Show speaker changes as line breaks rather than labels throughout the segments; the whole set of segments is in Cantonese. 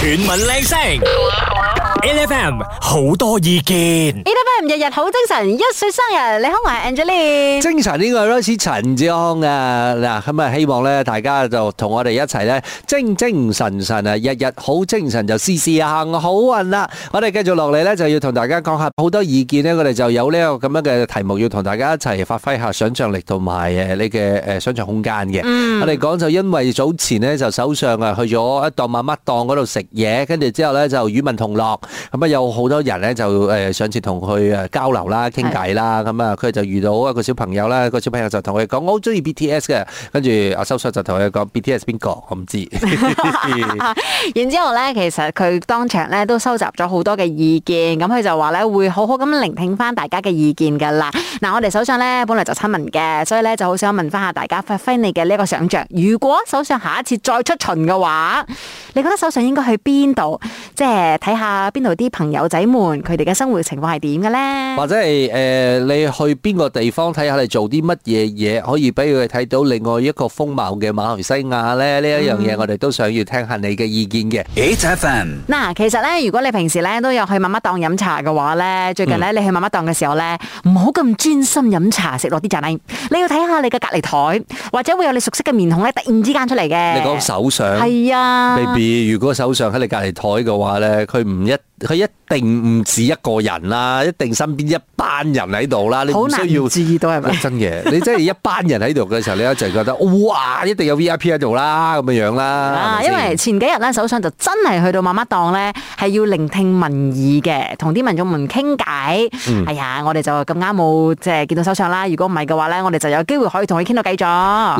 全民靚聲 l、F、m 好多意見
e l、F、m 日日好精神，一歲生日，你好，我係 a n g e l i n 精神呢個係羅斯陳
志康啊，嗱咁啊，希望咧大家就同我哋一齊咧，精精神神啊，日日好精神就試試行好運啦。我哋繼續落嚟咧，就要同大家講下好多意見呢，我哋就有呢個咁樣嘅題目，要同大家一齊發揮下想象力同埋誒，你嘅誒想象空間嘅。我哋講就因為早前呢，就首相啊去咗一檔乜乜檔嗰度食。媽媽嘢，跟住之後呢，就與民同樂，咁啊有好多人呢，就誒上次同佢誒交流啦、傾偈啦，咁啊佢就遇到一個小朋友啦，個小朋友就同佢講我好中意 BTS 嘅，跟住阿收叔就同佢講 BTS，邊個我唔知。
然之後呢，其實佢當場呢都收集咗好多嘅意見，咁佢就話呢會好好咁聆聽翻大家嘅意見噶啦。嗱、呃，我哋首相咧本來就親民嘅，所以咧就好想問翻下大家，發揮你嘅呢個想象，如果首相下一次再出巡嘅話，你覺得首相應該去邊度，即係睇下邊度啲朋友仔們佢哋嘅生活情況係點嘅咧？
或者係誒、呃、你去邊個地方睇下你做啲乜嘢嘢，可以俾佢睇到另外一個風貌嘅馬來西亞咧？呢一、嗯、樣嘢我哋都想要聽下你嘅意見嘅。H F M
嗱，其實咧，如果你平時咧都有去媽媽檔飲茶嘅話咧，最近咧你去媽媽檔嘅時候咧，唔好咁專專心飲茶食落啲茶米，你要睇下你嘅隔籬台，或者會有你熟悉嘅面孔咧，突然之間出嚟嘅。你講手
上係是啊，B B，如果手上喺你隔籬台嘅話咧，佢唔一定。佢一定唔止一個人啦，一定身邊一班人喺度啦。你唔需要注意到係真嘅。你真係一班人喺度嘅時候，你一就覺得哇，一定有 VIP 喺度啦咁樣樣啦。啊，因為
前幾日咧，首相就真係去到媽媽檔咧，係要聆聽民意嘅，同啲民眾們傾偈。哎呀，我哋就咁啱冇即係見到首相啦。如果唔係嘅話咧，我哋就有機會可以同佢傾到偈咗。嗱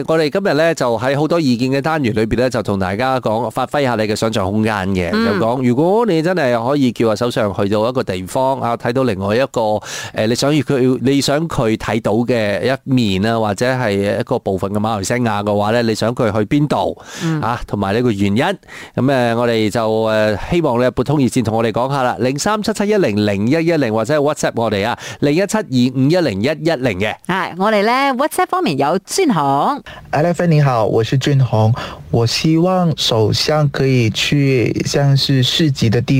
誒，我哋今日咧就喺好多意見嘅單元裏邊咧，就同大家講，發揮下你嘅想象空間嘅，就講如果你真。真係可以叫啊首相去到一個地方啊，睇到另外一個誒，你想要佢你想佢睇到嘅一面啊，或者係一個部分嘅馬來西亞嘅話咧，你想佢去邊度啊？同埋呢個原因咁誒，我哋就誒希望咧撥通熱線同我哋講下啦，零三七七一零零一一零或者 WhatsApp 我哋啊，零一七二五一零一一零嘅。
係我哋咧 WhatsApp 方面有俊紅。阿麗芬你好，我是俊紅，我希望首相可以去像是市集的地。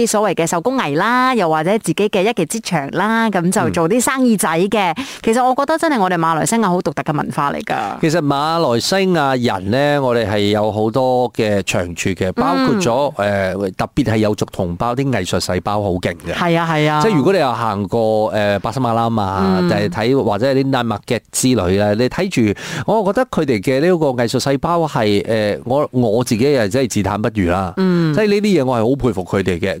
啲所謂嘅手工藝啦，又或者自己嘅一技之長啦，咁就做啲生意仔嘅。嗯、其實我覺得真係我哋馬來西亞好獨特嘅文化嚟㗎。
其實馬來西亞人咧，我哋係有好多嘅長處嘅，包括咗誒、嗯呃、特別係友族同胞啲藝術細胞好勁嘅。係啊係啊，啊即係如果你有行過誒、呃、巴生阿拉嘛，就係睇或者係啲泥麥劇之類咧，你睇住我覺得佢哋嘅呢個藝術細胞係誒、呃、我我自己係真係自嘆不如啦。嗯、即係呢啲嘢我係好佩服佢哋嘅。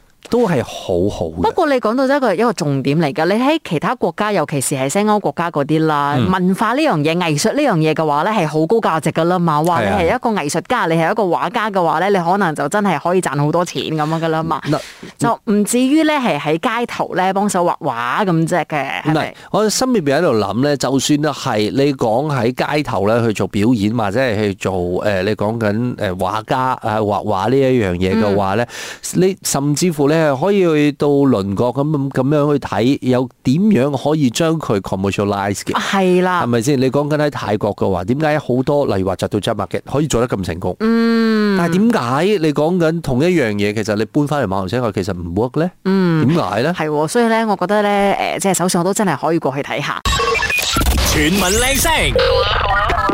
都係好好。不
過你講到一個一個重點嚟噶，你睇其他國家，尤其是係西歐國家嗰啲啦，文化呢樣嘢、藝術呢樣嘢嘅話咧，係好高價值噶啦嘛。話你係一個藝術家，你係一個畫家嘅話咧，你可能就真係可以賺好多錢咁樣噶啦嘛。就唔至於咧係喺街頭咧幫手畫畫咁啫嘅。唔
係，我心裏邊喺度諗咧，就算咧係你講喺街頭咧去做表演，或者係去做誒，你講緊誒畫家啊畫畫呢一樣嘢嘅話咧，你甚至乎。你係可以去到鄰國咁咁咁樣去睇，有點樣可以將佢 commercialize 嘅？係啦，係咪先？你講緊喺泰國嘅話，點解好多例如話集到執麥嘅可以做得咁成功？嗯，但係點解你講緊同一樣嘢，其實你搬翻嚟馬來西亞其實唔 work 咧？
為什麼呢？嗯，點解咧？係喎，所以咧，我覺得咧，誒、呃，即係首先我都真係可以過去睇下。
全民靚聲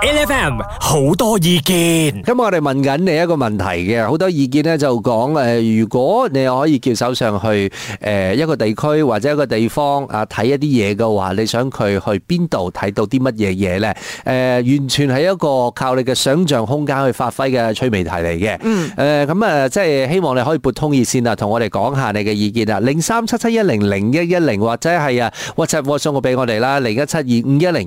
，L F M 好多意
見。咁我哋
問緊你一個問題嘅，好多意見咧就講誒，如果你可以叫首相去誒一個地區或者一個地方啊，睇一啲嘢嘅話，你想佢去邊度睇到啲乜嘢嘢咧？誒，完全係一個靠你嘅想象空間去發揮嘅趣味題嚟嘅。嗯。誒，咁啊，即係希望你可以撥通熱線啊，同我哋講下你嘅意見啊，零三七七一零零一一零或者係啊，WhatsApp 送個俾我哋啦，零一七二五一零。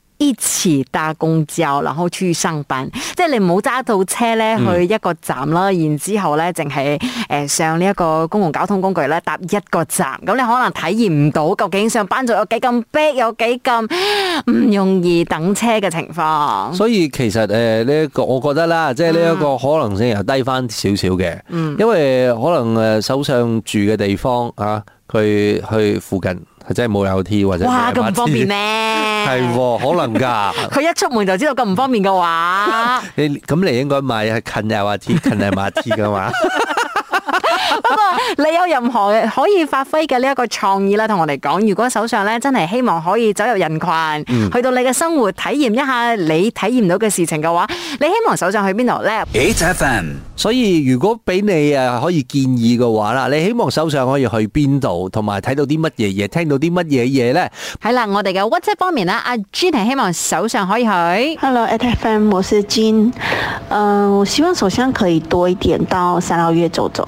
支持搭公交，然後出去上班，即係你冇揸到車咧，去一個站啦，嗯、然之後咧淨係誒上呢一個公共交通工具咧搭一個站，咁你可能體驗唔到究竟上班仲有幾咁逼，有幾咁唔容易等車嘅情況。所
以其實誒呢一個，我覺得啦，即係呢一個可能性又低翻少少嘅，嗯、因為可能誒首相住嘅地方啊，佢去附近。佢真係冇有 T 或者孖 T 哇，咁唔方便咩？係， 可能噶。
佢 一出門就知道咁唔方便嘅話。
你咁嚟應該買近又話，T 近嘅孖 T 噶嘛？
不過你有任何可以發揮嘅呢一個創意咧，同我哋講。如果首相咧真係希望可以走入人群，嗯、去到你嘅生活體驗一下你體驗到嘅事情嘅話，你希望首相去邊度咧？
8FM，所以如果俾你誒可以建議嘅話啦，你希望首相可以去邊度，同埋睇到啲乜嘢嘢，聽
到啲乜嘢嘢咧？係啦，我哋嘅 WhatsApp 方面啦。阿 G 係希望首相可以去。Hello 8FM，我是 G。嗯，我希望首相可以多一點到三個月走走。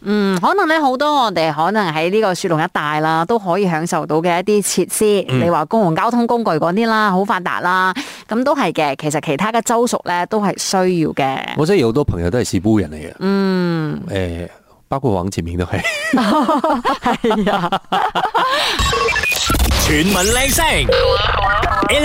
嗯，可能咧好多我哋可能喺呢個雪隆一帶啦，都可以享受到嘅一啲設施。嗯、你話公共交通工具嗰啲啦，好發達啦，咁都係嘅。其實其他嘅州屬咧都係需要嘅。
我真係好多朋友都係沙巴人嚟嘅。
嗯，
誒、欸，包括往前面都係。
哎呀！
全民靚聲。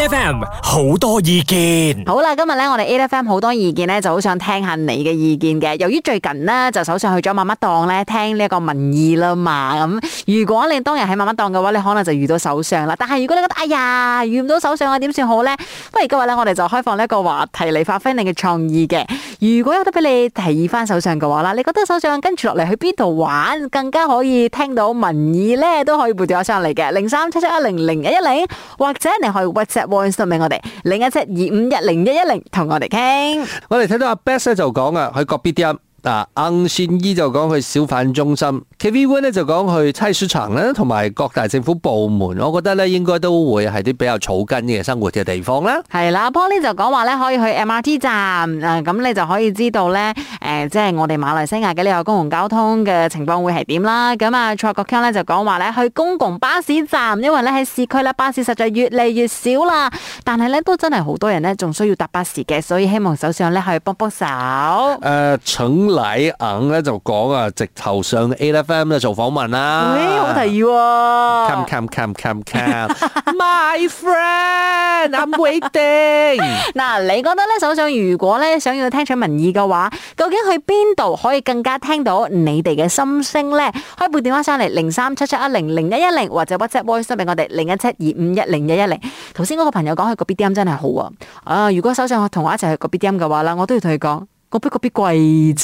FM，好多意見，
好啦，今日咧我哋 AFM 好多意見咧就好想聽下你嘅意見嘅。由於最近呢，就首相去咗媽媽檔咧聽呢一個民意啦嘛，咁、嗯，如果你當日喺媽媽檔嘅話，你可能就遇到首相啦。但係如果你覺得哎呀遇唔到首相啊，點算好呢？不如今日咧，我哋就開放呢一個話題嚟發揮你嘅創意嘅。如果有得俾你提議翻首相嘅話啦，你覺得首相跟住落嚟，去邊度玩更加可以聽到民意咧，都可以撥電話上嚟嘅零三七七一零零一一零，10, 10, 或者你可以 WhatsApp。送畀我哋，撥一七二五一零一一零同我哋傾。我哋睇到
阿 Best 咧就講啊，佢個 B D M 啊，Ang Shun Yi 就講佢小販中心。TV1 咧就講去菜市場啦，同埋各大政府部門，我覺得咧應該都會係啲比較草根嘅生活嘅地方啦。
係啦，Polly 就講話咧可以去 MRT 站，誒咁你就可以知道咧，誒即係我哋馬來西亞嘅呢個公共交通嘅情況會係點啦。咁啊，蔡國強咧就講話咧去公共巴士站，因為咧喺市區咧巴士實在越嚟越少啦，但係咧都真係好多人咧仲需要搭巴士嘅，所以希望首相咧去幫幫手。
誒、呃，蠢禮硬咧就講啊，直頭上 A、e 就做訪問啦。喂、欸，我提
喎。Come
come come come
come。My friend, I'm waiting。嗱，你覺得咧，首相如果咧想要聽取民意嘅話，究竟去邊度可以更加聽到你哋嘅心聲咧？可以撥電話上嚟零三七七一零零一一零，0，或者 WhatsApp voice 俾我哋零一七二五一零一一零。頭先嗰個朋友講佢個 BDM 真係好啊。啊，如果首相同我一齊去個 BDM 嘅話啦，我都要同佢講。嗰邊嗰邊貴咗，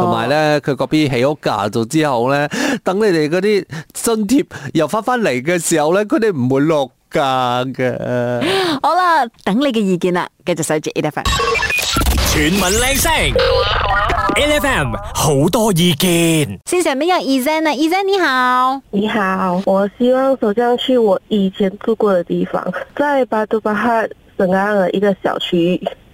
同
埋咧，佢嗰邊起屋價咗之後咧，等你哋嗰啲津貼又翻翻嚟嘅時候咧，佢哋唔會落價嘅。
好啦，等你嘅意見啦，繼續守住。E. F. M.
全民靚聲，E. F. M. 好多意見。
線上邊有 Eason 啊，Eason 你好，你好，我希望首相去我以前住過嘅地方，在巴多巴哈省安了一個小區。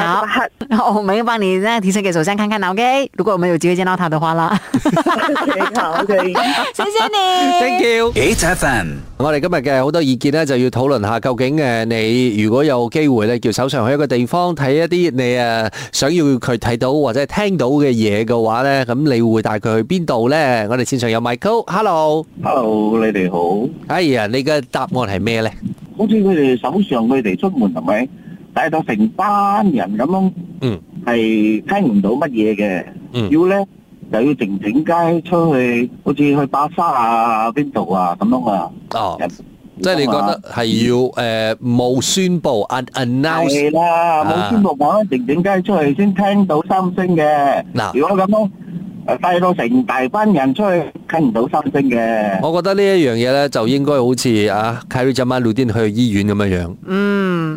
好，然後我們要幫你，那樣提成給首相看看啦，OK？如果我們有機會見到他的話啦，可以，
好，可以，謝謝你，Thank you，8FM。我哋今日嘅好多意見咧，就要討論下究竟誒，你如果有機會咧，叫首相去一個地方睇一啲你誒想要佢睇到或者聽到嘅嘢嘅話咧，咁你會帶佢去邊度咧？我哋線上有 Michael，Hello，Hello，你哋好，哎呀，你嘅答案係咩咧？好似佢哋首相，佢哋出門係咪？帶到成班人咁樣，係聽唔到乜嘢嘅。要咧就要靜靜街出去，好似去白沙啊、邊度啊咁樣啊。哦，即係你覺得係要誒冇宣佈、un announce。係啦，冇宣佈我咧，靜靜街出去先聽到心聲嘅。嗱，如果咁樣帶到成大班人出去，聽唔到心聲嘅。我覺得呢一樣嘢咧，就應該好似啊，carry 咗媽露丁去醫院咁樣樣。嗯。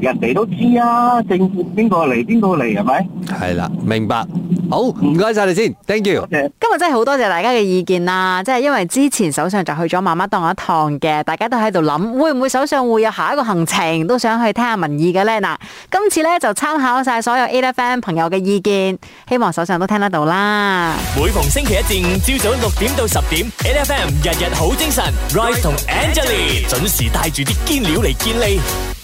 人哋都知啊，政府邊個嚟邊個嚟係咪？係啦，明白。好，唔該晒你先，Thank you。
今日真係好多謝大家嘅意見啦，即係因為之前首相就去咗媽媽檔一趟嘅，大家都喺度諗會唔會首相會有下一個行程，都想去聽下民意嘅咧。嗱，今次咧就參考晒所有 A F M 朋友嘅意見，希望首相都聽得到啦。每逢星期
一至五朝早六點到十點，A F M 日日好精神，Rise 同 Angelina 準時帶住啲堅料嚟建立。